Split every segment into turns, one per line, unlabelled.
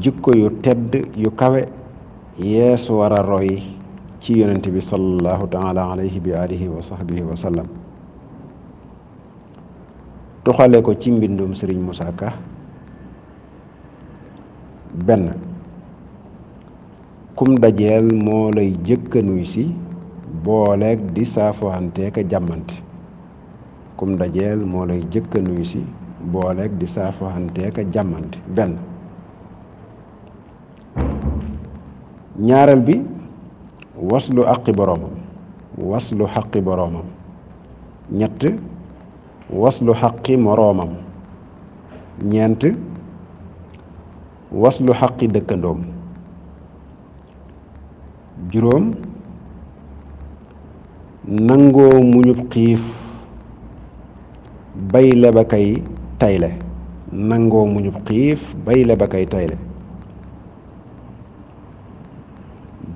jikko yu tedd yu kawe yeeso wara roy ci yonente bi salallahu taala alayhi bi alihi wa sahbihi wa sallam tuxale ko ci mbindum sëriñ mousaka benn kum dajeel moo lay jëkkanuy si booleeg di saafohantee ka jàmmante kum dajeel moo lay jëkkanuy si booleeg di saafohantee ka jàmmante benn ñaareel bi waslu àqi boroomam waslu xaqi boroomam ñett waslu xaqi moroomam ñeent waslu xaqi dëkkandoom juróom nangoo muñub xiif bay leba kay tayle nangoo muñub xiif bay leba kay tayle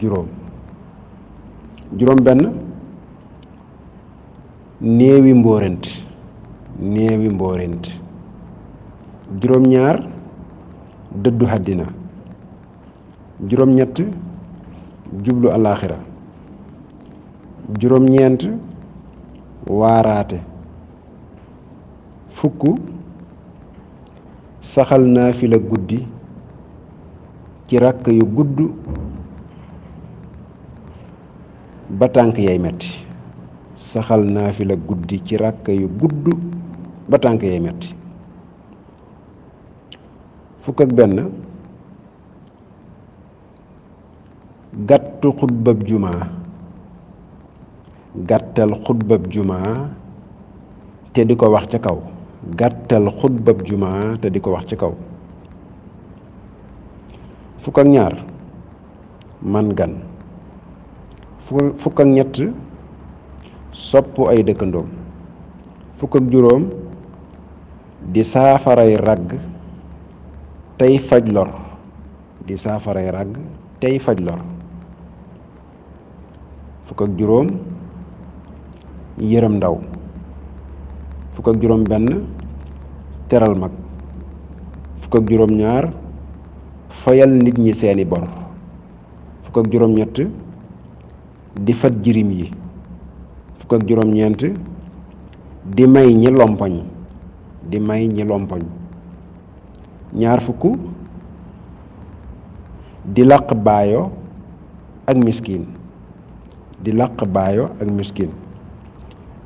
juróom juróom benn néewi mbóorent néewi mbóorent juróom ñaar dëddu àddina juróom ñett jublu alaaxira juróom ñeent waaraate fukk saxal naa fi la guddi ci rakk yu gudd ba tànk yay metti saxal naa fi la guddi ci rakka yu gudd ba tànk yay metti fukk ak benn gàttu xutbab jumaa gàttal xutbab jumaa te di ko wax ca kaw gàttal xutbab jumaa te di ko wax ca kaw fukk ak ñaar man gan fuk ak ñett sopp ay dëkkandoom fuk ak juróom di saafaray rag tey faj lor di saafaray rag tey faj lor fuk ak juróom yërëm ndaw fuk ak juróom benn teral mag fuk ak juróom ñaar fayal nit ñi seeni bor fuk ak juróom ñett di fat jirim yi fuk ak juróom ñent di may ñi lompoñ di may ñi lompoñ ñaar fukk di laq bayo ak miskin di laq bayo ak miskin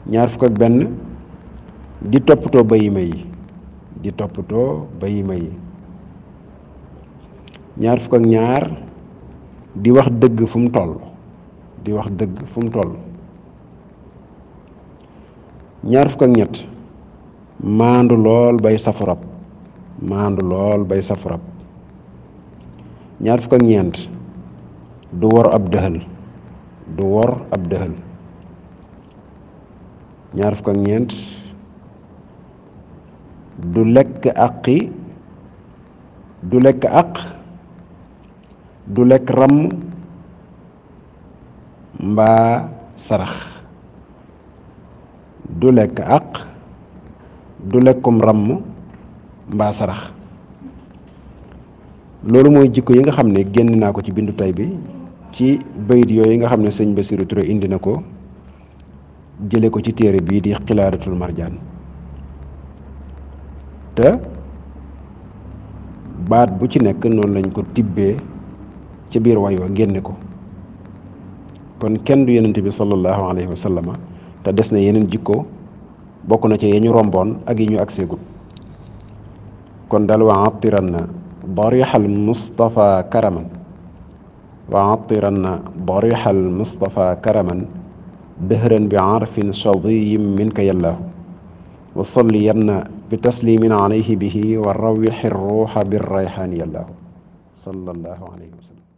ñaar fuk ak ben di topoto bayima yi di topoto bayima yi ñaar fuk ak ñaar di wax deug fu mu di wax dëgg fu mu toll ñaar fukk ak ñett maandu lool bay safarab maandu lool bay safarab ñaar fukk ak ñeent du wor ab dëhël du wor ab dëhël ñaar fukk ak ñeent du lekk du lekk du lekk ram mbaa sarax du lekk àq du lekkum ràmm mbaa sarax loolu mooy jikko yi nga xam ne génn naa ko ci bindu tay bi ci bayit yooyu nga xam ne sëñ Bassirou Touré indi na ko jële ko ci téere bii di xilaaratul marjaan te baat bu ci nekk noonu lañ ko tibbee ca biir way wa génne ko kon kenn du yonent bi sallallahu alayhi wa sallama te des na yeneen jikko bokk na ci yi ñu romboon ak yi ñu agseegut kon dal wa attiran na barixal mustafa karaman wa attiran na barixal mustafa karaman بهرن بعرف arfin منك يا الله wa salliyanna bi taslimin alayhi bihi wa rawixi ruuxa birrayxaan yallaahu sallallahu alayhi wa